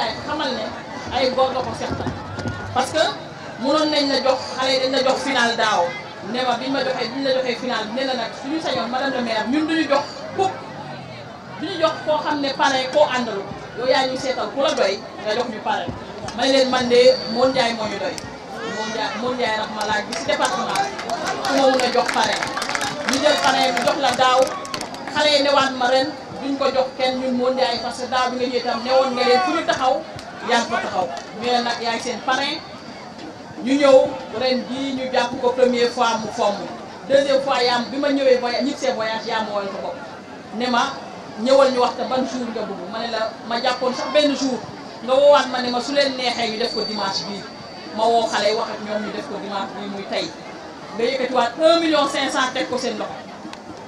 Ibrahima xamal ne ay góor nga ko seqal parce que mënoon nañ na jox xale yi dañ la jox final daaw ne ma biñ ma joxee biñ la joxee final bi ne la nag suñu sañoon madame le maire ñun duñu jox kuk duñu jox koo xam ne parrain koo àndalu yow yaa ñu seetal ku la doy nga jox ñu parrain ma leen man de Mawne Ndiaye moo ñu doy Mawne Ndiaye Mawne Ndiaye raxma laaj bi si ku ma mun a jox parrain ñu jël parrain bi jox la daaw. xale yi newaat ma ren duñ ko jox kenn ñun moo njaay parce que daaw bi nga ñëw tam newoon nga leen fu ñu taxaw yaa ko taxaw mais nag yaay seen parrain ñu ñëw ren jii ñu jàpp ko première fois mu fomm deuxième fois yaam bi ma ñëwee voyage ñib see voyage yaam woon ko ne ma ñëwal ñu wax te ban jour nga bëgg ma ne la ma jàppoon sax benn jour nga woowaat ma ne ma su leen neexee ñu def ko dimanche bii ma woo xale yi wax ak ñoom ñu def ko dimanche bii muy tey nga yëkkatiwaat 1 million 500 teg ko seen loxo.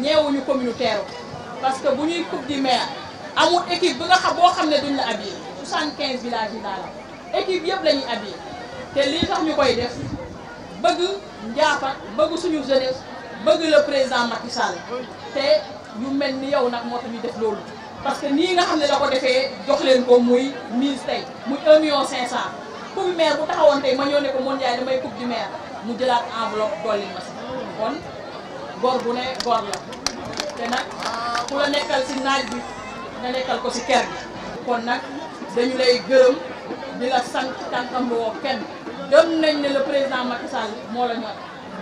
ñeewuñu communautaire parce que bu ñuy coupe du maire amul équipe bi nga xam boo xam ne duñ la cent quinze villages yi laa équipe yëpp la ñuy habillé te lii tax ñu koy def bëgg njaafa bëgg suñu jeunesse bëgg le président Macky Sall te ñu mel ni yow nag moo tax ñu def loolu. parce que nii nga xam ne la ko defee jox leen ko muy mise tey muy 1 million 500 coupe bu taxawoon tey ma ñoo ne ko Modou Ndiaye damay coupe du maire mu jëlaat enveloppe dolli ma si gor bu ne gor la te nag ku la nekkal si naaj bi nga nekkal ko si kër gi kon nag dañu lay gërëm di la sant tànkam woo kenn gëm nañ ne le président Macky Sall moo la ñor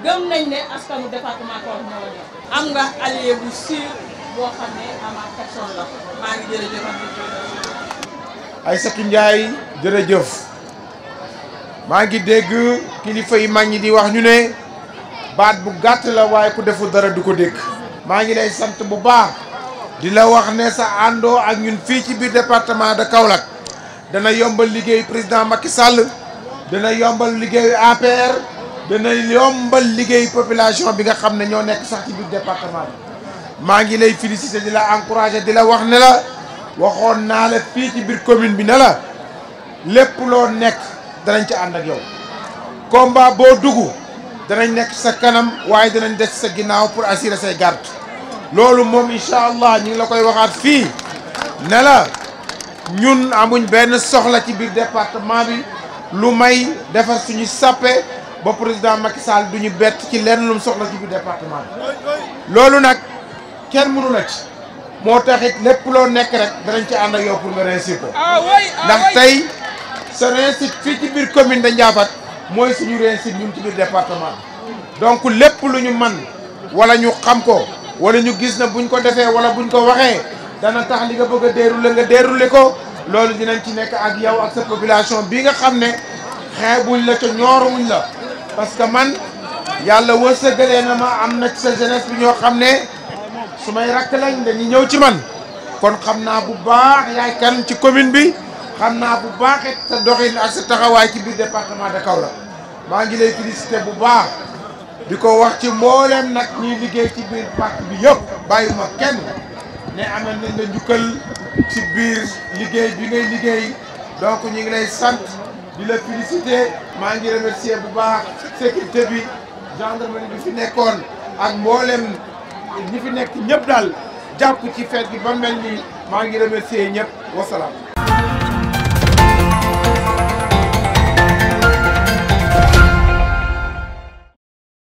gëm nañ ne askanu département Koor moo la ñor am nga allié bu sûr boo xam ne ama personne la maa ngi jërëjëf Aïssatou Ndiaye jërëjëf maa ngi dégg kilifa yi mag ñi wax ñu ne baat bu gatt la way ku defu dara du ko dégg maa ngi lay sant bu baax di la wax ne sa ando ak ñun fi ci biir département de Kaolack dana yombal liggéey président Macky Sall dana yombal liggéeyu APR dana yombal liggéey population bi nga xamne ño nek sax ci biir département ma ngi lay féliciter di la encourager di la wax ne la waxon na la fi ci biir commune bi ne la lepp lo nek danañ ci and ak yow combat bo duggu danañ nekk sa kanam waaye danañ des sa ginnaaw pour assurer say garde loolu moom incha allah ñi ngi la koy waxaat fii ne la ñun amuñ benn soxla ci biir département bi lu may defar suñu sàppe ba président Macky duñu bett ci lenn lum soxla ci biir département bi loolu nag kenn mënu la ci moo taxit lépp loo nekk rek danañ ci ànd ak yow pour nga réussir ko ah ah ndax tey sa réussite fii ci biir commune de Ndiaffate mooy suñu si ñun ci biir département donc lépp lu ñu man wala ñu xam ko wala ñu gis na buñ ko defee wala buñ ko waxee dana tax li nga bëgg a déroulé nga déroulé ko loolu dinañ ci nekk ak yow ak sa population bii nga xam ne xeebuñ la ca ñooruwuñ la parce que man yàlla wërsëgalee na ma am na ci sa jeunesse bi ñoo xam ne su may rakk lañ dañuy ñëw ci man kon xam naa bu baax yaay kan ci commune bi xamna bu baax it sa doxin ak sa taxaway ci biir département de Kaolack maa ngi lay félicité bu baax diko wax ci mboolem nak ñi liggéey ci biir parc bi yëpp bayuma kenn né amal nañ la njukkal ci biir liggéey bi ngay liggéey donc ñi ngi lay sante di la félicité maa ngi remercier bu baax sécurité bi gendarmerie bi fi nekkoon ak mboolem ñi fi nekk ñëpp daal jàpp ci fête bi ba mel ni maa ngi remercier ñëpp wasalaam.